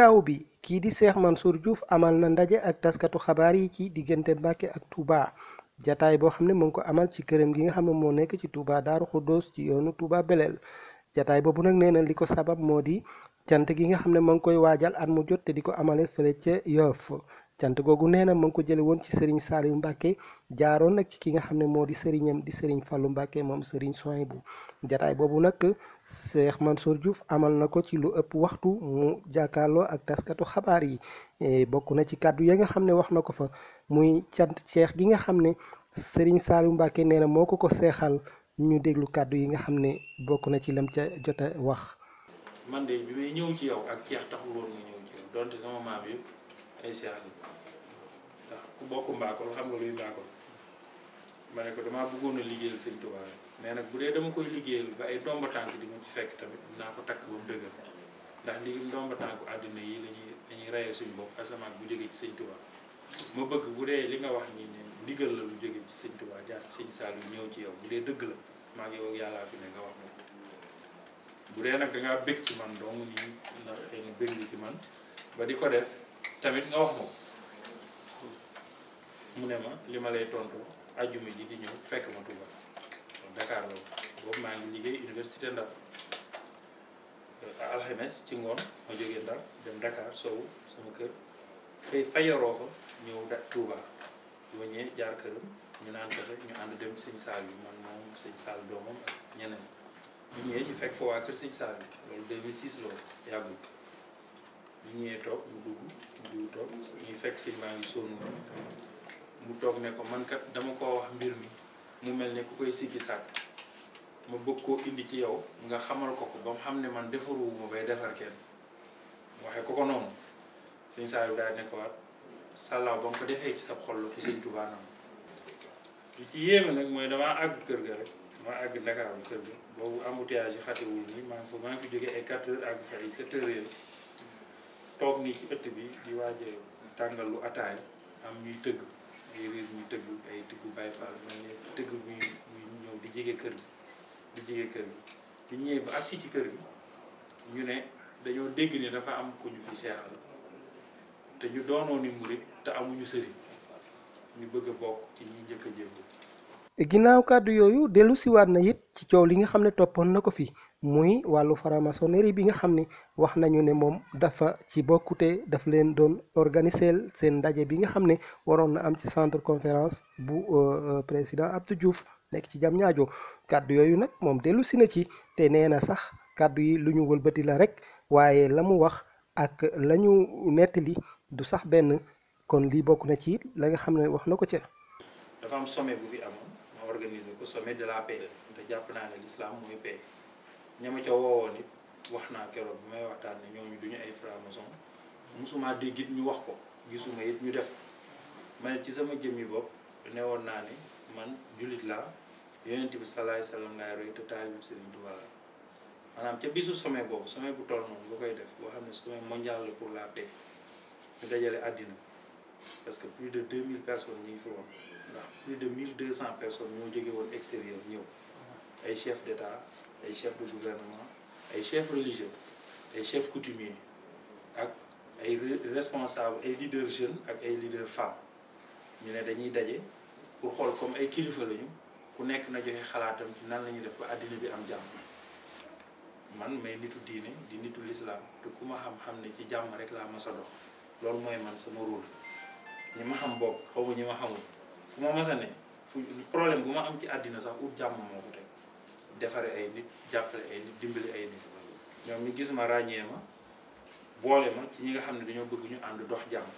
gaaw bi kii di Cheikh Mansour Diouf amal na ndaje ak taskatu xabaar yi ci diggante Mbàkke ak tuubaa jataay boo xam ne mu ngi ko amal ci këram gi nga xam ne moo nekk ci tuubaa Daaru Xuddoos ci yoonu Touba beleel jataay boobu nag nee na li ko sabab moo di cant gi nga xam ne mu ngi koy waajal at mu jot te di ko amale fële ca Yoff cant googu nee na ma ngi ko jële woon ci Serigne Saliou Mbacke jaaroon nag ci ki nga xam ne moo di sëriñam di sëriñ Fallou Mbacke moom Serigne soin bu jataay boobu nag Cheikh Mansour Diouf amal na ko ci lu ëpp waxtu mu jàkkaarloo ak xabaar yi e, bokk na ci kàddu ya nga xam ne wax na ko fa muy cant ceex gi nga xam ne sëriñ Saliou Mbacke nee na moo ko ko seexal ñu déglu kàddu yi nga xam ne bokk na ci lam ca jot a wax. bokku mbaakol xam nga luy mbaakol ma ne ko damaa bëggoon a liggéeyal sëñ Tuubaa mais nag bu dee dama koy liggéeyal ba ay ndomba tànk di ma ci fekk tamit naa ko takk ba mu ndax li ndomba tànku àddina yi lañuy dañuy rayee suñu bopp asamaan bu jógee ci sëñ Tuubaa bëgg bu dee li nga wax ñi ne ndigal la lu jógee ci sëñ Tuubaa jaar ci sëñ ñëw ci yow bu dëgg la maa ngi yàllaa fi ne nga wax moom bu dee nag dangaa bëgg man dong nii ndax xëy na man ba di ko def tamit nga wax moom mu ne ma li ma lay tontu ajjuma ji di ñëw fekk ma Touba Dakar la boobu maa ngi liggéey université Ndar euh, alxames ci ngoon ma jógee Ndar dem Dakar sowu sama kër xëy fajaroo fa ñëw da Touba jaar këram ñu naan ko ñu ànd dem sëñ Saal bi man moom sëñ Saal doomam ñeneen ñu ñëwee ñu fekk fa waa kër sëñ Saal bi loolu 2006 loolu yàggul ñu ñëwee toog ñu dugg toog ñuy fekk sëñ maa ngi sonn mu toog ne ko man kat dama koo wax mbir mi mu mel ne ku koy sikki sàkk ma bëgg koo indi ci yow nga xamal ko ko ba xam ne man defaruwuma bay defar kenn waxe ko ko noonu suñ saa yu daal ne ko waat sàllaaw ba ko defee ci sa xol la ko suñ tubaanam li ci yéeme nag mooy damaa àgg kër ga rek damaa àgg Ndakaaru kër ga boobu embouteillage yi xatewul nii maa ngi fa maa ngi fi jógee ay 4 àgg fa yi 7 heures toog nii ci ëtt bi di waaje tàngal lu ataay am ñuy tëgg ngay riir ñu tëgg ay tëggu Baye Fall mel ne tëgg bu ñëw di jege kër gi di jege kër gi di ñëwee ba agsi ci kër gi ñu ne dañoo dégg ne dafa am ku ñu fi seexal te ñu doonoon ni murit te amuñu sëri ñu bëgg a bokk ci ñu njëkk a jënd ginnaaw yooyu dellu na it ci coow li nga xam ne toppoon na ko fii muy wàllu franc-maçonnerie bi nga xam ne wax nañu ne moom dafa ci bokkute daf leen doon organiser seen ndaje bi nga xam ne waroon na am ci centre conférence bu euh, euh, président Abdou Diouf nekk ci jam ñaajo kàddu yooyu nag moom dellu si na ci te nee na sax kàddu yi lu ñu wëlbati la rek waaye la mu wax ak la ñu nettali du sax benn kon li bokk na ci it la nga xam ne wax na ko ca. organisé ko sommet de la paix te japp na ne l'islam moy paix ñama ci woowoon it wax naa keroog may waxtaan ne ñooñu duñu ay franc-maçon musuma dégg ñu wax ko gisuma yit ñu def ma ci sama jëmmi bop ne woon naa ne man julit la yonent bi sallallahu alayhi wasallam ngay roy te taal bi Serigne Touba manam ci bisu sommet bop sommet bu toll non nga koy def bo xam sommet mondial pour la paix ñu dajale adina parce que plus de 2000 personnes ñi fi won plus de mille deux cent personnes ñoo jóge woon extérieur ñëw ay chefs d'État ay chefs de gouvernement ay chefs religieux ay chefs coutumiers ak ay responsables ay leaders jeunes ak ay leaders femmes ñu ne dañuy daje pour xool comme ay kilifa lañu ku nekk na joxe xalaatam ci nan la ñuy def ba àddina bi am jàmm man may nitu diine di nitu lislaam te ku ma xam-xam ne ci jàmm rek laa mas a dox loolu mooy man sama rôle ñi ma xam bokk xaw ma ñi ma xamul fu ma masa ne fu problème bu ma am ci àddina sax ut jàmm moo ko defaree ay nit jàppale ay nit dimbali ay nit ñoom ñu gis ma ràññee ma boole ma ci ñi nga xam ne dañoo bëgg ñu ànd dox jàmm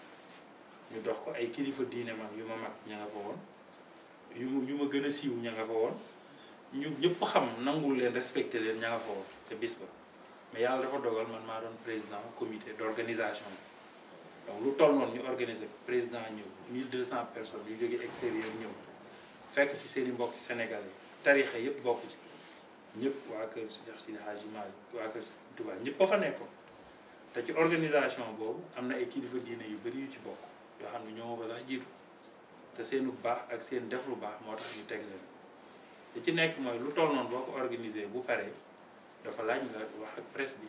ñu dox ko ay kilifa diine man yu ma mag ña nga fa woon yu yu ma gën a siiw ña nga fa woon ñu ñëpp xam nangul leen respecté leen ña nga fa woon te bis ba mais yàlla dafa dogal man maa doon président comité d'organisation donc lu toll noon ñu organiser président ñëw 1200 personnes yu jógee extérieur ñëw fekk fi seen i mbokki Sénégal yi tarixa yëpp bokk ci ñëpp waa kër Cheikh Sidi Hadji Malick waa kër Touba ñëpp ba fa nekkoon te ci organisation boobu am na ay kilifa diine yu bëri yu ci bokk yoo xam ne ñoo ma ko sax te seenu baax ak seen def baax moo tax ñu li ci nekk mooy lu toll noonu boo ko organisé bu paree dafa laaj nga wax ak presse bi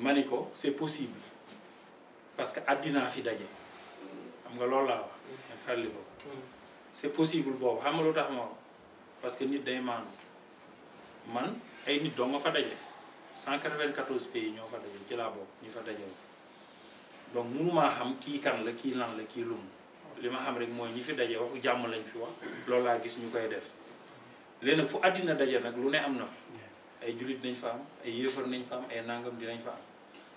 maniko c'est possible parce que adina fi dajé xam nga lool la wax mais mm. fàlli mm. c'est possible bo xam nga lu tax parce que nit day man man ay nit do nga fa dajé 194 pays ño fa dajé ci la bo ñu fa dajé donc mënumaa xam ki kan la ki lan la ki lum lima xam rek moy ñi fi dajé waxu jamm lañ fi wax lool la gis ñu def léna fu adina dajé nak lu né am na ay julit nañ fa am ay yéefar nañ fa am ay nangam dinañ fa am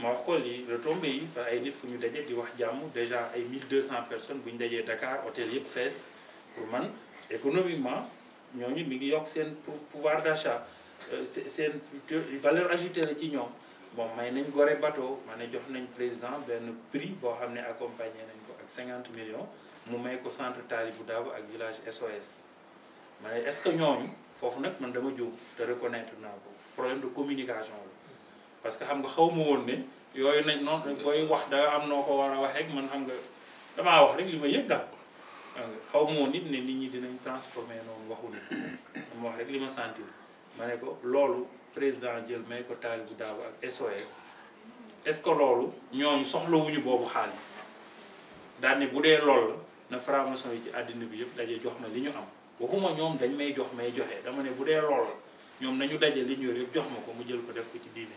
moo xool yi le tombé yi ay nit fu ñu daje di wax déjà ay 1200 personnes bu ñu dajee Dakar hôtel yëpp fees pour man économiquement ñooñu mi ngi yokk seen pouvoir d'achat c'est euh, une valeur ajoutée la ci bon bon may nañ Gorée bateau ma ne jox nañ président benn prix boo xam accompagner nañ ko ak 50 millions mu may ko centre Talibou Dabo ak village SOS mais est-ce que nous foofu nag man dama jóg te reconnaître naa problème de communication parce que xam nga xaw ma woon ne yooyu nañ noonu booy wax da am noo ko war a wax rek man xam nga damaa wax rek li ma yëg daal xaw ma woon nit ne nit ñi dinañ transformé noonu waxuñu dama wax rek li ma sentir ma ne ko loolu président jël may ko taalibu daaw ak SOS est-ce que loolu ñooñu soxlawuñu boobu xaalis daan bu dee loolu la na franc-maçon yi ci àddina bi yëpp daje jox ma li ñu am waxuma ñoom dañ may jox may joxe dama ne bu dee lool ñoom nañu daje li ñu yor yëpp jox ma ko mu jël ko def ko ci diine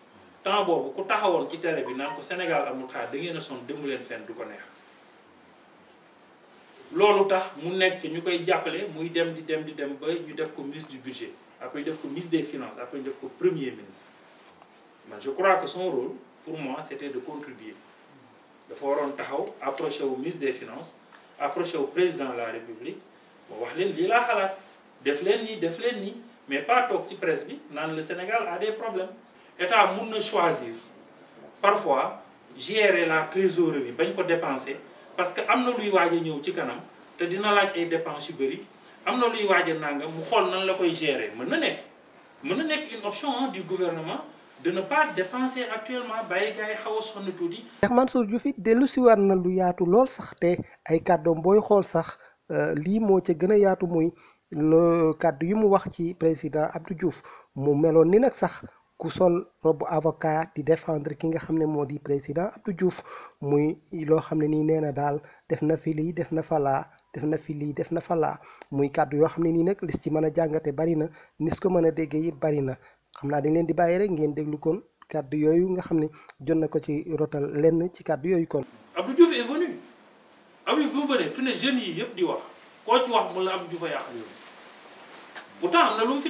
temps boobu ku taxawoon ci télé bi nan ko Sénégal amul xaar da ngeen son sonn demu leen fenn du ko neex lolou tax mu nekk ci koy jàppale muy dem di dem di dem ba ñu def ko ministre du budget après ñu def ko ministre des finances après ñu def ko premier ministre man je crois que son rôle pour moi c'était de contribuer dafa waroon taxaw approcher au ministre des finances approcher au président de la république moo wax leen li la xalat def leen ni def leen ni mais pas tok ci presse bi nan le Sénégal a des problèmes état mun choisir parfois gérer la trésorerie bi bañ ko dépenser parce que am lui luy waaj a ci kanam te dina laaj ay dépenses yu bëri am na luy waaj a nanga mu xol nan la koy gérer mën nek nekk nek une option hein, du gouvernement de ne pas dépenser actuellement baye gars yi xaw a sonn tuuti. ndax Mansour Diouf it dellu si war na lu yaatu lol sax te ay kàddoom boy xol sax euh, li mo ci gën yaatu muy le cadre yi mu wax ci président Abdou Diouf mu melone ni nak sax. ku sol robu avocat di défendre ki nga xam ne moo di président Abdou juuf muy loo xam ne nii nee na daal def na fi lii def na fa def na fi lii def na fa muy kàddu yoo xam ne nii nag lis ci mën a jàngate bari na nis ko mën a déggee it bari na xam naa dañ leen di bàyyi rek ngeen déglu kon kàddu yooyu nga xam ne jot na ko ci rotal lenn ci kàddu yooyu kon. Abdou Diouf est venu Abdou bu mu venee fi ne jeunes yi yëpp di wax koo ci wax mu a am na lu mu fi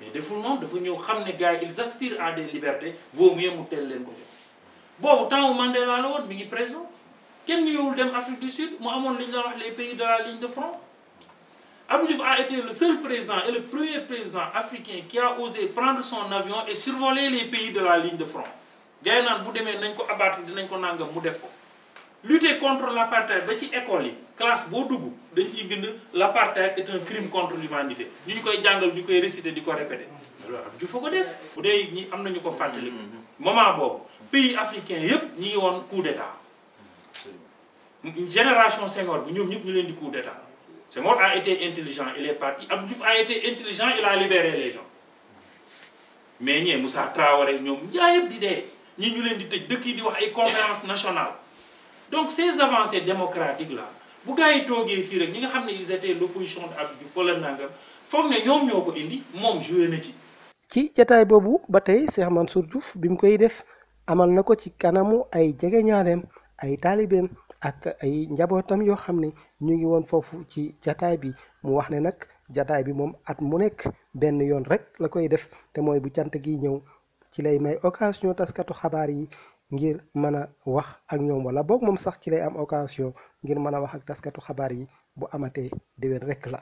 mais deful noonu dafa ñëw xamné gaay ils aspirent à des libertés vaut mieux mu teel leen ko jox boobu temps Mandela la woon mi ngi prison kenn ñëwul dem Afrique du Sud mu amoon li ñu wax les pays de la ligne de front Abdou Diouf a été le seul président et le premier président africain qui a osé prendre son avion et survoler les pays de la ligne de front gars yi bu démé nañ ko abattre dinañ ko nangam mu def lutter contre l'apartheid ba ci école yi classe bo dougu dañ ci bind l'apartheid est un crime contre l'humanité ñu koy jangal ñu koy réciter diko répéter loolu am ju def bu dee ñi am nañu ko fàttali mm-hmm. moment bob pays africain yépp ñi ngi coup d'état génération Senghor bi ñom ñëpp ñu leen di coup d'état Senghor a été intelligent il est parti Abdou a été intelligent il a libéré les gens mais ñe Moussa Traoré ñom ñaa yëpp di dé ñi ñu leen di tëj dëkk yi di wax ay conférence nationale donc ces avancées démocratiques là bu gars yi toogee fii rek ñi nga xam ils étaient l'opposition Abdou Diouf wala ne indi moom joué na ci. ci jataay boobu ba Cheikh Mansour Diouf bi koy def amal nako ci kanamu ay jegeñaaleem ay taalibeem ak ay njabotam yo xamné ne ñu ngi won fofu ci jataay bi mu wax ne nag bi mom at mu nek ben yoon rek la koy def te moy bu cant gi ñew ci lay may occasion taskatu xabar yi ngir mën a wax ak ñoom wala boog moom sax ci lay am occasion ngir mën a wax ak taskatu xabaar yi bu amatee déwén rek la